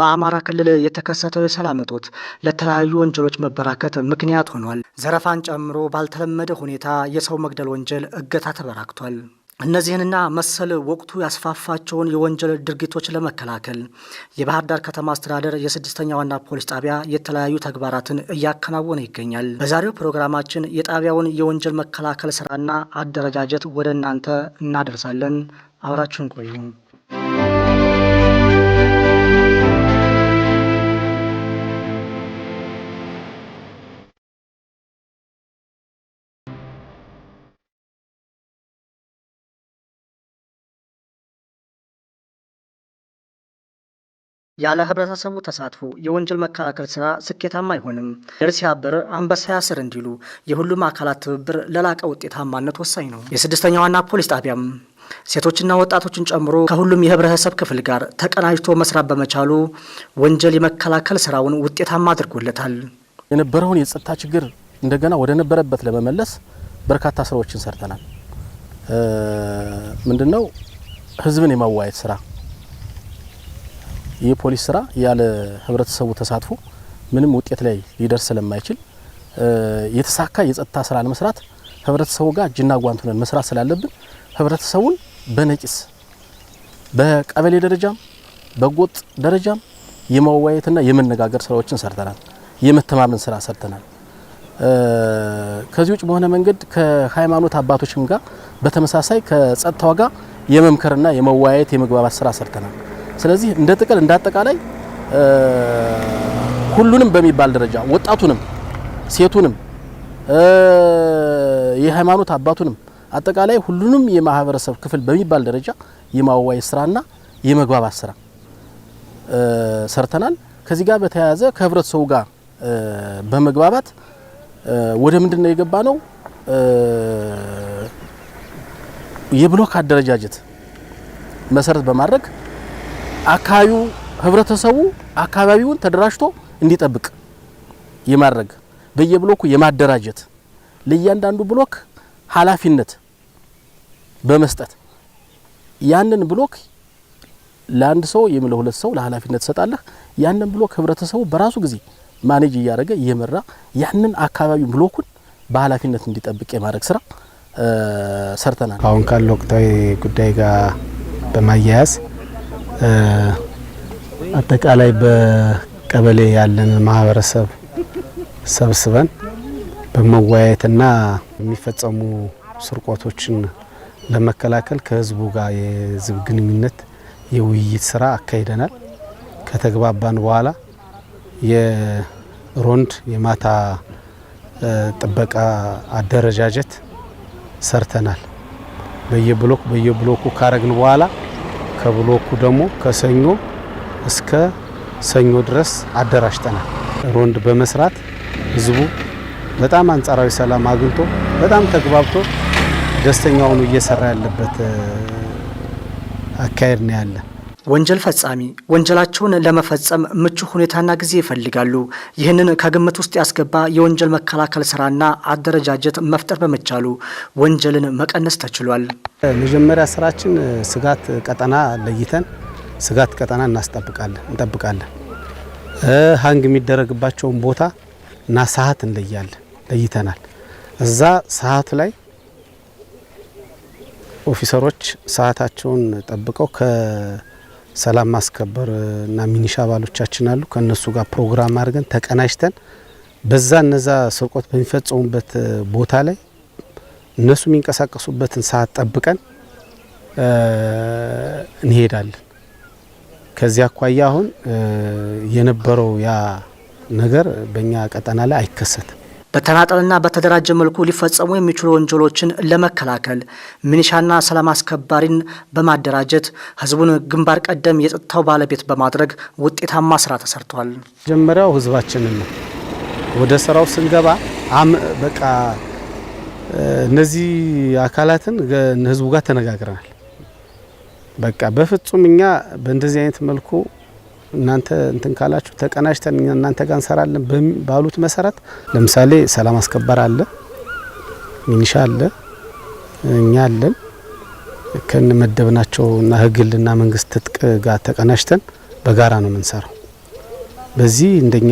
በአማራ ክልል የተከሰተው የሰላም እጦት ለተለያዩ ወንጀሎች መበራከት ምክንያት ሆኗል። ዘረፋን ጨምሮ ባልተለመደ ሁኔታ የሰው መግደል ወንጀል እገታ ተበራክቷል። እነዚህንና መሰል ወቅቱ ያስፋፋቸውን የወንጀል ድርጊቶች ለመከላከል የባህር ዳር ከተማ አስተዳደር የስድስተኛ ዋና ፖሊስ ጣቢያ የተለያዩ ተግባራትን እያከናወነ ይገኛል። በዛሬው ፕሮግራማችን የጣቢያውን የወንጀል መከላከል ስራና አደረጃጀት ወደ እናንተ እናደርሳለን። አብራችሁን ቆዩ። ያለ ህብረተሰቡ ተሳትፎ የወንጀል መከላከል ስራ ስኬታማ አይሆንም። ድር ሲያብር አንበሳ ያስር እንዲሉ የሁሉም አካላት ትብብር ለላቀ ውጤታማነት ወሳኝ ነው። የስድስተኛ ዋና ፖሊስ ጣቢያም ሴቶችና ወጣቶችን ጨምሮ ከሁሉም የህብረተሰብ ክፍል ጋር ተቀናጅቶ መስራት በመቻሉ ወንጀል የመከላከል ስራውን ውጤታማ አድርጎለታል። የነበረውን የጸጥታ ችግር እንደገና ወደ ነበረበት ለመመለስ በርካታ ስራዎችን ሰርተናል። ምንድነው ህዝብን የማዋየት ስራ የፖሊስ ስራ ያለ ህብረተሰቡ ተሳትፎ ምንም ውጤት ላይ ሊደርስ ስለማይችል የተሳካ የጸጥታ ስራ ለመስራት ህብረተሰቡ ጋር እጅና ጓንት ሆነን መስራት ስላለብን ህብረተሰቡን በነቂስ በቀበሌ ደረጃም በጎጥ ደረጃም የመወያየትና የመነጋገር ስራዎችን ሰርተናል። የመተማመን ስራ ሰርተናል። ከዚህ ውጭ በሆነ መንገድ ከሃይማኖት አባቶችም ጋር በተመሳሳይ ከጸጥታው ጋር የመምከርና የመወያየት የመግባባት ስራ ሰርተናል። ስለዚህ እንደ ጥቅል እንደ አጠቃላይ ሁሉንም በሚባል ደረጃ ወጣቱንም፣ ሴቱንም፣ የሃይማኖት አባቱንም አጠቃላይ ሁሉንም የማህበረሰብ ክፍል በሚባል ደረጃ የማዋይ ስራና የመግባባት ስራ ሰርተናል። ከዚህ ጋር በተያያዘ ከህብረተሰቡ ጋር በመግባባት ወደ ምንድን ነው የገባ ነው የብሎክ አደረጃጀት መሰረት በማድረግ አካባቢው ህብረተሰቡ አካባቢውን ተደራጅቶ እንዲጠብቅ የማድረግ በየብሎኩ የማደራጀት ለእያንዳንዱ ብሎክ ኃላፊነት በመስጠት ያንን ብሎክ ለአንድ ሰው ወይም ለሁለት ሰው ለኃላፊነት ትሰጣለህ። ያንን ብሎክ ህብረተሰቡ በራሱ ጊዜ ማኔጅ እያደረገ እየመራ ያንን አካባቢ ብሎኩን በኃላፊነት እንዲጠብቅ የማድረግ ስራ ሰርተናል። አሁን ካለ ወቅታዊ ጉዳይ ጋር በማያያዝ አጠቃላይ በቀበሌ ያለን ማህበረሰብ ሰብስበን በመወያየትና የሚፈጸሙ ስርቆቶችን ለመከላከል ከህዝቡ ጋር የህዝብ ግንኙነት የውይይት ስራ አካሂደናል። ከተግባባን በኋላ የሮንድ የማታ ጥበቃ አደረጃጀት ሰርተናል። በየብሎክ በየብሎኩ ካረግን በኋላ ከብሎኩ ደግሞ ከሰኞ እስከ ሰኞ ድረስ አደራጅተናል። ሮንድ በመስራት ህዝቡ በጣም አንጻራዊ ሰላም አግኝቶ በጣም ተግባብቶ ደስተኛውኑ እየሰራ ያለበት አካሄድ ነው ያለ። ወንጀል ፈጻሚ ወንጀላቸውን ለመፈጸም ምቹ ሁኔታና ጊዜ ይፈልጋሉ። ይህንን ከግምት ውስጥ ያስገባ የወንጀል መከላከል ስራና አደረጃጀት መፍጠር በመቻሉ ወንጀልን መቀነስ ተችሏል። መጀመሪያ ስራችን ስጋት ቀጠና ለይተን ስጋት ቀጠና እናስጠብቃለን እንጠብቃለን። ሀንግ የሚደረግባቸውን ቦታ እና ሰዓት እንለያለን ለይተናል። እዛ ሰዓት ላይ ኦፊሰሮች ሰዓታቸውን ጠብቀው ሰላም ማስከበር እና ሚኒሻ አባሎቻችን አሉ። ከእነሱ ጋር ፕሮግራም አድርገን ተቀናጅተን በዛ እነዛ ስርቆት በሚፈጸሙበት ቦታ ላይ እነሱ የሚንቀሳቀሱበትን ሰዓት ጠብቀን እንሄዳለን። ከዚያ አኳያ አሁን የነበረው ያ ነገር በእኛ ቀጠና ላይ አይከሰትም። በተናጠልና በተደራጀ መልኩ ሊፈጸሙ የሚችሉ ወንጀሎችን ለመከላከል ሚኒሻና ሰላም አስከባሪን በማደራጀት ህዝቡን ግንባር ቀደም የጸጥታው ባለቤት በማድረግ ውጤታማ ስራ ተሰርቷል። መጀመሪያው ህዝባችንን ነው። ወደ ስራው ስንገባ በቃ እነዚህ አካላትን ህዝቡ ጋር ተነጋግረናል። በቃ በፍጹም እኛ በእንደዚህ አይነት መልኩ እናንተ እንትን ካላችሁ ተቀናጅተን እናንተ ጋር እንሰራለን ባሉት መሰረት ለምሳሌ ሰላም አስከበር አለ፣ ሚኒሻ አለ፣ እኛ አለን ከን መደብናቸው እና ህግልና መንግስት ትጥቅ ጋር ተቀናጅተን በጋራ ነው የምንሰራው። በዚህ እንደኛ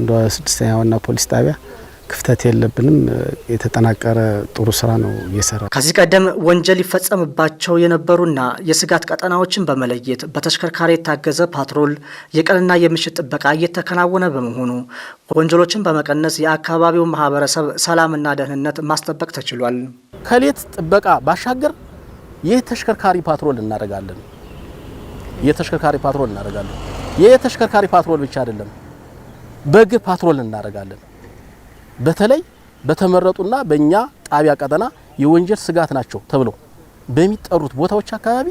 እንደ ስድስተኛ ዋና ፖሊስ ጣቢያ ክፍተት የለብንም። የተጠናቀረ ጥሩ ስራ ነው እየሰራ። ከዚህ ቀደም ወንጀል ይፈጸምባቸው የነበሩና የስጋት ቀጠናዎችን በመለየት በተሽከርካሪ የታገዘ ፓትሮል የቀንና የምሽት ጥበቃ እየተከናወነ በመሆኑ ወንጀሎችን በመቀነስ የአካባቢው ማህበረሰብ ሰላምና ደህንነት ማስጠበቅ ተችሏል። ከሌት ጥበቃ ባሻገር የተሽከርካሪ ፓትሮል እናደርጋለን። የተሽከርካሪ ፓትሮል እናደርጋለን። የተሽከርካሪ ፓትሮል ብቻ አይደለም፣ በእግር ፓትሮል እናደርጋለን። በተለይ በተመረጡና በእኛ ጣቢያ ቀጠና የወንጀል ስጋት ናቸው ተብለው በሚጠሩት ቦታዎች አካባቢ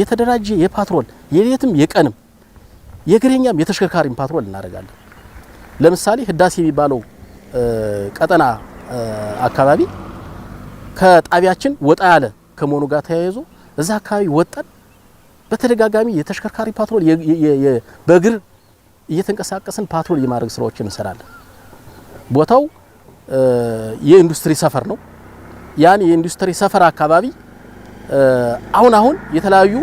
የተደራጀ የፓትሮል የሌትም የቀንም የእግረኛም የተሽከርካሪም ፓትሮል እናደርጋለን። ለምሳሌ ህዳሴ የሚባለው ቀጠና አካባቢ ከጣቢያችን ወጣ ያለ ከመሆኑ ጋር ተያይዞ እዛ አካባቢ ወጠን በተደጋጋሚ የተሽከርካሪ ፓትሮል በእግር እየተንቀሳቀስን ፓትሮል የማድረግ ስራዎችን እንሰራለን። ቦታው የኢንዱስትሪ ሰፈር ነው። ያን የኢንዱስትሪ ሰፈር አካባቢ አሁን አሁን የተለያዩ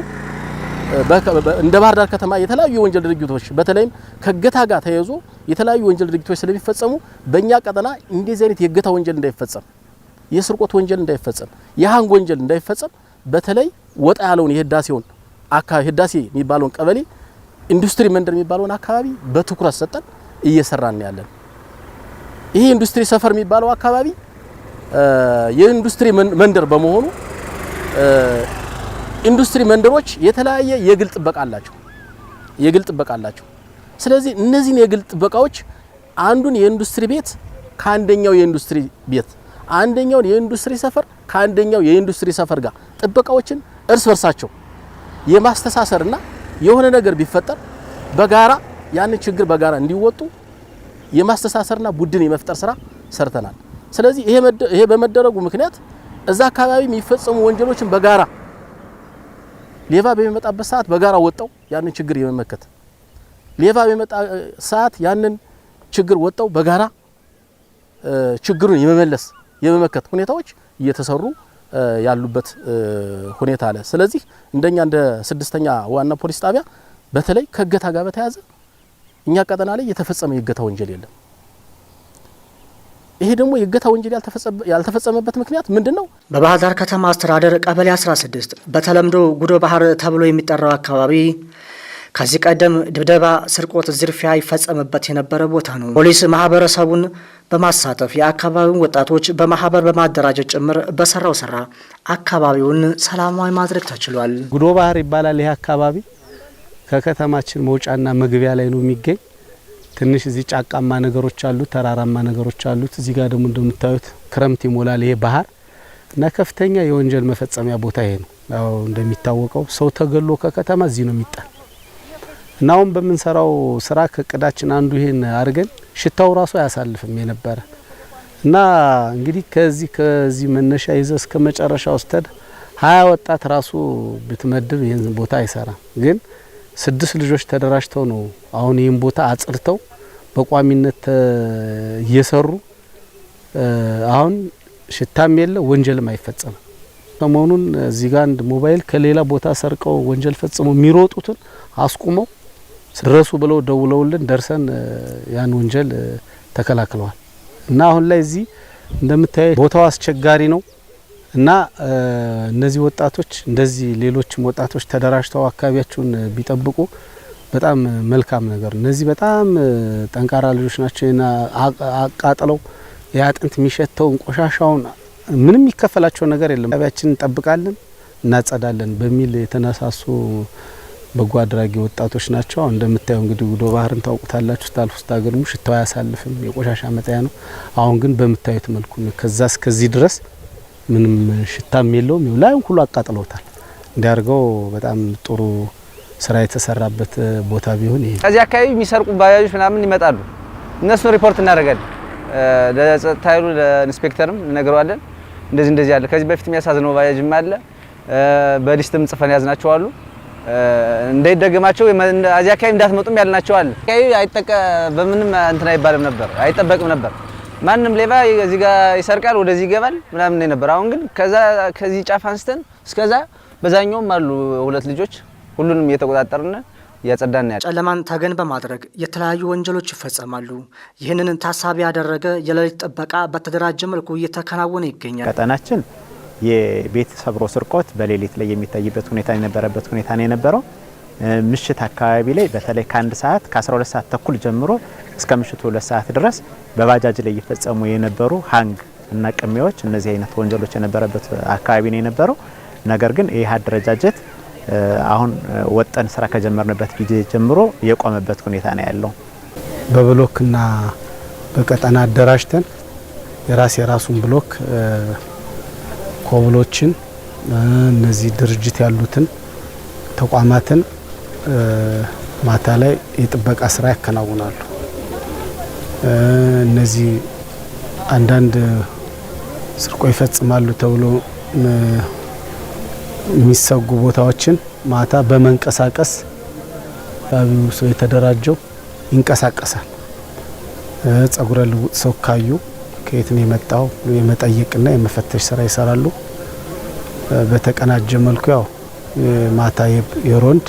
እንደ ባህር ዳር ከተማ የተለያዩ የወንጀል ድርጊቶች በተለይም ከእገታ ጋር ተያይዞ የተለያዩ ወንጀል ድርጊቶች ስለሚፈጸሙ በእኛ ቀጠና እንደዚህ አይነት የእገታ ወንጀል እንዳይፈጸም፣ የስርቆት ወንጀል እንዳይፈጸም፣ የሀንግ ወንጀል እንዳይፈጸም በተለይ ወጣ ያለውን የህዳሴውን አካባቢ ህዳሴ የሚባለውን ቀበሌ ኢንዱስትሪ መንደር የሚባለውን አካባቢ በትኩረት ሰጠን እየሰራን ያለን ይሄ ኢንዱስትሪ ሰፈር የሚባለው አካባቢ የኢንዱስትሪ መንደር በመሆኑ ኢንዱስትሪ መንደሮች የተለያየ የግል ጥበቃ አላቸው የግል ጥበቃ አላቸው። ስለዚህ እነዚህን የግል ጥበቃዎች አንዱን የኢንዱስትሪ ቤት ከአንደኛው የኢንዱስትሪ ቤት አንደኛውን የኢንዱስትሪ ሰፈር ከአንደኛው የኢንዱስትሪ ሰፈር ጋር ጥበቃዎችን እርስ በርሳቸው የማስተሳሰርና የሆነ ነገር ቢፈጠር በጋራ ያንን ችግር በጋራ እንዲወጡ የማስተሳሰርና ቡድን የመፍጠር ስራ ሰርተናል። ስለዚህ ይሄ በመደረጉ ምክንያት እዛ አካባቢ የሚፈጸሙ ወንጀሎችን በጋራ ሌባ በሚመጣበት ሰዓት በጋራ ወጠው ያንን ችግር የመመከት ሌባ በሚመጣ ሰዓት ያንን ችግር ወጣው በጋራ ችግሩን የመመለስ የመመከት ሁኔታዎች እየተሰሩ ያሉበት ሁኔታ አለ። ስለዚህ እንደኛ እንደ ስድስተኛ ዋና ፖሊስ ጣቢያ በተለይ ከእገታ ጋር በተያያዘ እኛ ቀጠና ላይ የተፈጸመ የእገታ ወንጀል የለም። ይሄ ደግሞ የእገታ ወንጀል ያልተፈጸመበት ምክንያት ምንድን ነው? በባህር ዳር ከተማ አስተዳደር ቀበሌ 16 በተለምዶ ጉዶ ባህር ተብሎ የሚጠራው አካባቢ ከዚህ ቀደም ድብደባ፣ ስርቆት፣ ዝርፊያ ይፈጸምበት የነበረ ቦታ ነው። ፖሊስ ማህበረሰቡን በማሳተፍ የአካባቢውን ወጣቶች በማህበር በማደራጀት ጭምር በሰራው ስራ አካባቢውን ሰላማዊ ማድረግ ተችሏል። ጉዶ ባህር ይባላል ይህ አካባቢ ከከተማችን መውጫና መግቢያ ላይ ነው የሚገኝ። ትንሽ እዚህ ጫቃማ ነገሮች አሉት፣ ተራራማ ነገሮች አሉት። እዚህ ጋር ደግሞ እንደምታዩት ክረምት ይሞላል ይሄ ባህር እና ከፍተኛ የወንጀል መፈጸሚያ ቦታ ይሄ ነው። ያው እንደሚታወቀው ሰው ተገሎ ከከተማ እዚህ ነው የሚጣል እና አሁን በምንሰራው ስራ ከእቅዳችን አንዱ ይሄን አድርገን ሽታው ራሱ አያሳልፍም የነበረ እና እንግዲህ ከዚህ ከዚህ መነሻ ይዘ እስከ መጨረሻ ውስተድ ሀያ ወጣት ራሱ ብትመድብ ይህን ቦታ አይሰራም ግን ስድስት ልጆች ተደራጅተው ነው አሁን ይህን ቦታ አጽድተው በቋሚነት እየሰሩ አሁን ሽታም የለ ወንጀልም አይፈጸምም። ሰሞኑን እዚህ ጋር አንድ ሞባይል ከሌላ ቦታ ሰርቀው ወንጀል ፈጽመው የሚሮጡትን አስቁመው ድረሱ ብለው ደውለውልን ደርሰን ያን ወንጀል ተከላክለዋል እና አሁን ላይ እዚህ እንደምታየ ቦታው አስቸጋሪ ነው። እና እነዚህ ወጣቶች እንደዚህ ሌሎችም ወጣቶች ተደራጅተው አካባቢያቸውን ቢጠብቁ በጣም መልካም ነገር እነዚህ በጣም ጠንካራ ልጆች ናቸው። አቃጥለው የአጥንት የሚሸተውን ቆሻሻውን ምንም የሚከፈላቸው ነገር የለም። አካባቢያችን እንጠብቃለን፣ እናጸዳለን በሚል የተነሳሱ በጎ አድራጊ ወጣቶች ናቸው። እንደምታየው እንግዲህ ጉዶ ባህርን ታውቁታላችሁ። ስታልፉ ስታገድሙ ሽታው አያሳልፍም፣ የቆሻሻ መጣያ ነው። አሁን ግን በምታዩት መልኩ ከዛ እስከዚህ ድረስ ምንም ሽታም የለውም። ላዩን ሁሉ አቃጥለውታል። እንዲያርገው በጣም ጥሩ ስራ የተሰራበት ቦታ ቢሆን ይሄ ከዚህ አካባቢ የሚሰርቁ ባጃጆች ምናምን ይመጣሉ። እነሱን ሪፖርት እናደርጋለን። ለጸጥታ ኃይሉ ለኢንስፔክተርም እነግረዋለን። እንደዚህ እንደዚህ አለ። ከዚህ በፊት የሚያሳዝነው ባጃጅም አለ። በሊስትም ጽፈን ያዝናቸዋሉ። እንዳይደገማቸው እዚህ አካባቢ እንዳትመጡም ያልናቸው አለ። አይጠቀ በምንም እንትን አይባልም ነበር፣ አይጠበቅም ነበር። ማንም ሌባ እዚህ ጋር ይሰርቃል፣ ወደዚህ ይገባል ምናምን ነበር። አሁን ግን ከዛ ከዚህ ጫፍ አንስተን እስከዛ በዛኛውም አሉ ሁለት ልጆች፣ ሁሉንም እየተቆጣጠርን እያጸዳን ያለ። ጨለማን ተገን በማድረግ የተለያዩ ወንጀሎች ይፈጸማሉ። ይህንን ታሳቢ ያደረገ የሌሊት ጥበቃ በተደራጀ መልኩ እየተከናወነ ይገኛል። ቀጠናችን የቤት ሰብሮ ስርቆት በሌሊት ላይ የሚታይበት ሁኔታ የነበረበት ሁኔታ ነው የነበረው። ምሽት አካባቢ ላይ በተለይ ከአንድ ሰዓት ከ12 ሰዓት ተኩል ጀምሮ እስከ ምሽቱ ሁለት ሰዓት ድረስ በባጃጅ ላይ እየፈጸሙ የነበሩ ሀንግ እና ቅሚያዎች እነዚህ አይነት ወንጀሎች የነበረበት አካባቢ ነው የነበረው። ነገር ግን ይህ አደረጃጀት አሁን ወጠን ስራ ከጀመርንበት ጊዜ ጀምሮ የቆመበት ሁኔታ ነው ያለው። በብሎክና በቀጠና አደራጅተን የራስ የራሱን ብሎክ ኮብሎችን እነዚህ ድርጅት ያሉትን ተቋማትን ማታ ላይ የጥበቃ ስራ ያከናውናሉ። እነዚህ አንዳንድ ስርቆ ይፈጽማሉ ተብሎ የሚሰጉ ቦታዎችን ማታ በመንቀሳቀስ አካባቢው ሰው የተደራጀው ይንቀሳቀሳል። ጸጉረ ልውጥ ሰው ካዩ ከየት ነው የመጣው የመጠየቅና የመፈተሽ ስራ ይሰራሉ። በተቀናጀ መልኩ ያው ማታ የሮንድ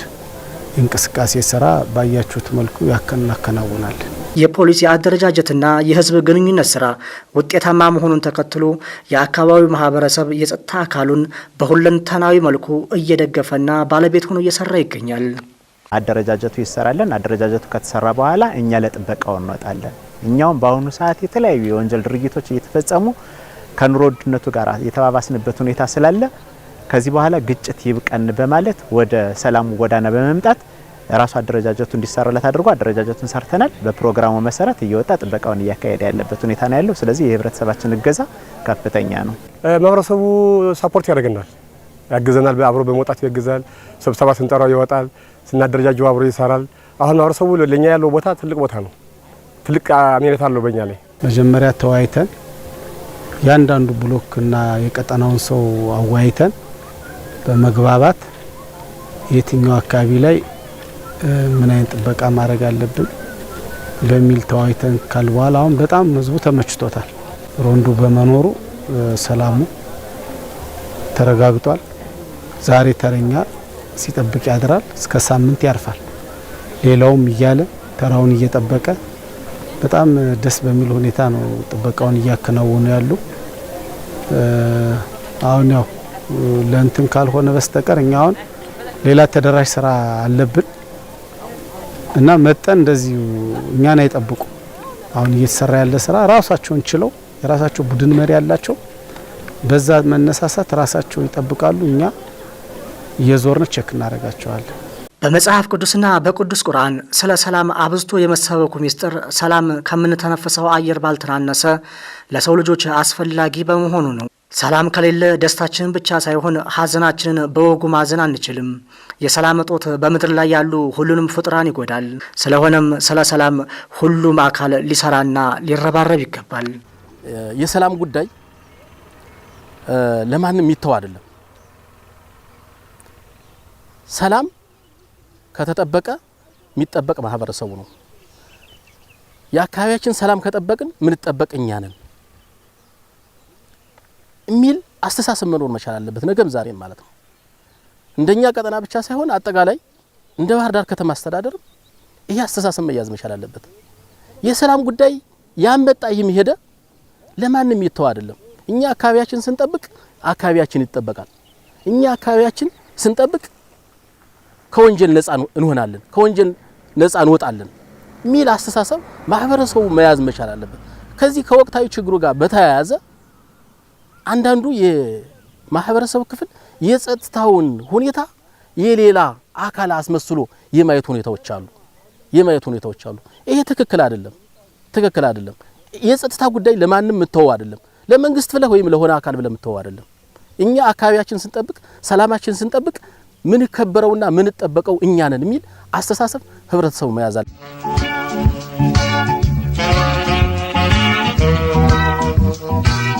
እንቅስቃሴ ስራ ባያችሁት መልኩ ያከናውናል። የፖሊስ የአደረጃጀትና የህዝብ ግንኙነት ስራ ውጤታማ መሆኑን ተከትሎ የአካባቢው ማህበረሰብ የጸጥታ አካሉን በሁለንተናዊ መልኩ እየደገፈና ባለቤት ሆኖ እየሰራ ይገኛል። አደረጃጀቱ ይሰራለን። አደረጃጀቱ ከተሰራ በኋላ እኛ ለጥበቃው እንወጣለን። እኛውም በአሁኑ ሰዓት የተለያዩ የወንጀል ድርጊቶች እየተፈጸሙ ከኑሮ ውድነቱ ጋር የተባባስንበት ሁኔታ ስላለ ከዚህ በኋላ ግጭት ይብቀን በማለት ወደ ሰላሙ ጎዳና በመምጣት ራሱ አደረጃጀቱ እንዲሰራለት አድርጎ አደረጃጀቱን ሰርተናል። በፕሮግራሙ መሰረት እየወጣ ጥበቃውን እያካሄደ ያለበት ሁኔታ ነው ያለው። ስለዚህ የህብረተሰባችን እገዛ ከፍተኛ ነው። ማህበረሰቡ ሳፖርት ያደርገናል፣ ያግዘናል፣ አብሮ በመውጣት ያግዛል። ስብሰባ ስንጠራው ይወጣል፣ ስናደረጃጀው አብሮ ይሰራል። አሁን ማህበረሰቡ ለእኛ ያለው ቦታ ትልቅ ቦታ ነው። ትልቅ አሜሪት አለው በእኛ ላይ መጀመሪያ ተወያይተን ያንዳንዱ እና የቀጠናውን ሰው አወያይተን በመግባባት የትኛው አካባቢ ላይ ምን አይነት ጥበቃ ማድረግ አለብን በሚል ተዋይተን ካል በኋላ አሁን በጣም ህዝቡ ተመችቶታል። ሮንዱ በመኖሩ ሰላሙ ተረጋግጧል። ዛሬ ተረኛ ሲጠብቅ ያድራል፣ እስከ ሳምንት ያርፋል። ሌላውም እያለ ተራውን እየጠበቀ በጣም ደስ በሚል ሁኔታ ነው ጥበቃውን እያከናወኑ ያሉ። አሁን ያው ለእንትን ካልሆነ በስተቀር እኛ አሁን ሌላ ተደራሽ ስራ አለብን። እና መጠን እንደዚሁ እኛን አይጠብቁ። አሁን እየተሰራ ያለ ስራ ራሳቸውን ችለው የራሳቸው ቡድን መሪ ያላቸው በዛ መነሳሳት ራሳቸውን ይጠብቃሉ። እኛ እየዞርን ቼክ እናደርጋቸዋለን። በመጽሐፍ ቅዱስና በቅዱስ ቁርአን ስለ ሰላም አብዝቶ የመሰበኩ ሚስጥር ሰላም ከምንተነፍሰው አየር ባልተናነሰ ለሰው ልጆች አስፈላጊ በመሆኑ ነው። ሰላም ከሌለ ደስታችንን ብቻ ሳይሆን ሐዘናችንን በወጉ ማዘን አንችልም። የሰላም እጦት በምድር ላይ ያሉ ሁሉንም ፍጥራን ይጎዳል። ስለሆነም ስለ ሰላም ሁሉም አካል ሊሰራና ሊረባረብ ይገባል። የሰላም ጉዳይ ለማንም ይተው አይደለም። ሰላም ከተጠበቀ የሚጠበቅ ማህበረሰቡ ነው። የአካባቢያችን ሰላም ከጠበቅን ምንጠበቅ እኛ ነን። የሚል አስተሳሰብ መኖር መቻል አለበት፣ ነገም ዛሬም ማለት ነው። እንደኛ ቀጠና ብቻ ሳይሆን አጠቃላይ እንደ ባህር ዳር ከተማ አስተዳደር ይሄ አስተሳሰብ መያዝ መቻል አለበት። የሰላም ጉዳይ ያመጣ ይህም ሄደ ለማንም ይተው አይደለም። እኛ አካባቢያችን ስንጠብቅ አካባቢያችን ይጠበቃል። እኛ አካባቢያችን ስንጠብቅ ከወንጀል ነጻ እንሆናለን፣ ከወንጀል ነጻ እንወጣለን ሚል አስተሳሰብ ማህበረሰቡ መያዝ መቻል አለበት። ከዚህ ከወቅታዊ ችግሩ ጋር በተያያዘ አንዳንዱ የማህበረሰብ ክፍል የጸጥታውን ሁኔታ የሌላ አካል አስመስሎ የማየት ሁኔታዎች አሉ የማየት ሁኔታዎች አሉ። ይሄ ትክክል አይደለም፣ ትክክል አይደለም። የጸጥታ ጉዳይ ለማንም የምትተው አይደለም፣ ለመንግስት ብለህ ወይም ለሆነ አካል ብለህ ምተው አይደለም። እኛ አካባቢያችን ስንጠብቅ፣ ሰላማችን ስንጠብቅ ምን ከበረውና ምን ጠበቀው እኛ ነን የሚል አስተሳሰብ ህብረተሰቡ መያዛል።